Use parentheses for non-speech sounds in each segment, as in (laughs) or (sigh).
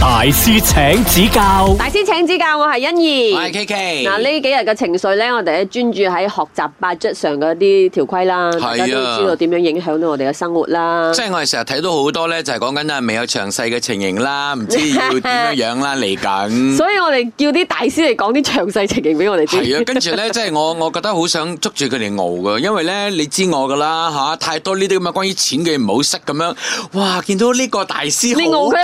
大師請指教，大師請指教，我係欣怡，我係 K K。嗱呢幾日嘅情緒咧，我哋咧專注喺學習 budget 上嘅一啲條規啦，係啊，知道點樣影響到我哋嘅生活啦。即係我哋成日睇到好多咧，就係講緊啊未有詳細嘅情形啦，唔知要點樣樣啦嚟緊。所以我哋叫啲大師嚟講啲詳細情形俾我哋知。係啊，跟住咧，即係我我覺得好想捉住佢哋敖噶，因為咧你知我噶啦吓，太多呢啲咁嘅關於錢嘅唔好識咁樣。哇，見到呢個大師好。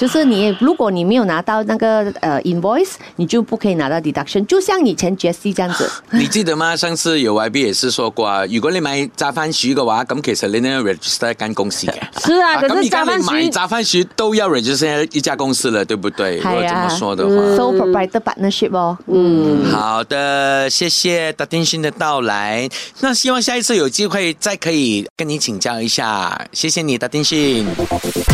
就是你，如果你沒有拿到那個，呃 invoice，你就不可以拿到 deduction。就像以前 Jesse 這樣子，你記得嗎？上次有 YB 也是說過啊， (laughs) 如果你買炸番薯的話，咁其實你都要 register 一間公司嘅。是啊，咁、 (laughs) 啊啊、而家你買炸番薯都要 register 一一家公司了，對不對？係、hey、啊，嗯。Um, so proprietor partnership 喎。嗯，好的，謝謝 Datin Shin 的到來。那希望下一次有機會再可以跟你請教一下，謝謝你，Datin Shin。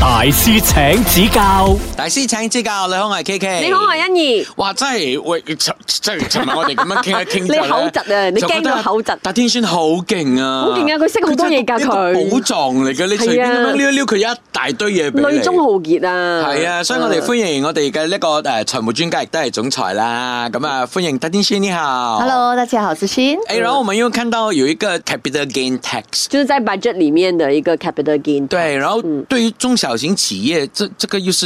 大師請指教。大師請指教，你好係 K K，你好係欣怡。哇，真係喂，即係我哋咁樣傾一傾，你口疾啊，你驚我口疾？但天宣好勁啊，好勁啊，佢識好多嘢噶佢。寶藏嚟嘅，你隨便咁樣撩佢，一大堆嘢。女中豪傑啊，係啊，所以我哋歡迎我哋嘅呢個誒財務專家亦都係總裁啦。咁啊，歡迎達天宣，你好。Hello，大家好，志然後我們又看到有一個 capital gain tax，就是在 budget 裏面的一個 capital gain。對，然後對於中小型企業，這個又是。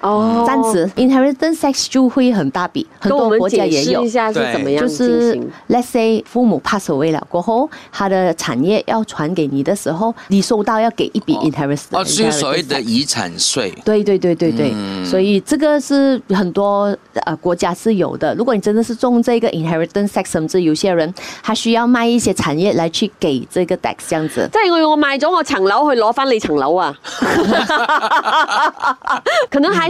哦，暫時 inheritance tax 就會很大筆，很多國家也有。解釋一下是怎麼樣進行。就是 Let's say 父母 pass away 了過後，他的產業要傳給你的時候，你收到要給一筆 inheritance tax、oh, oh,。哦，所以所謂的遺產稅。對對對對對，mm. 所以這個是很多啊國家是有的。如果你真的是中這個 inheritance tax，甚至有些人他需要賣一些產業來去給這個 tax。這樣子。即係我我賣咗我層樓去攞翻你層樓啊？可能喺。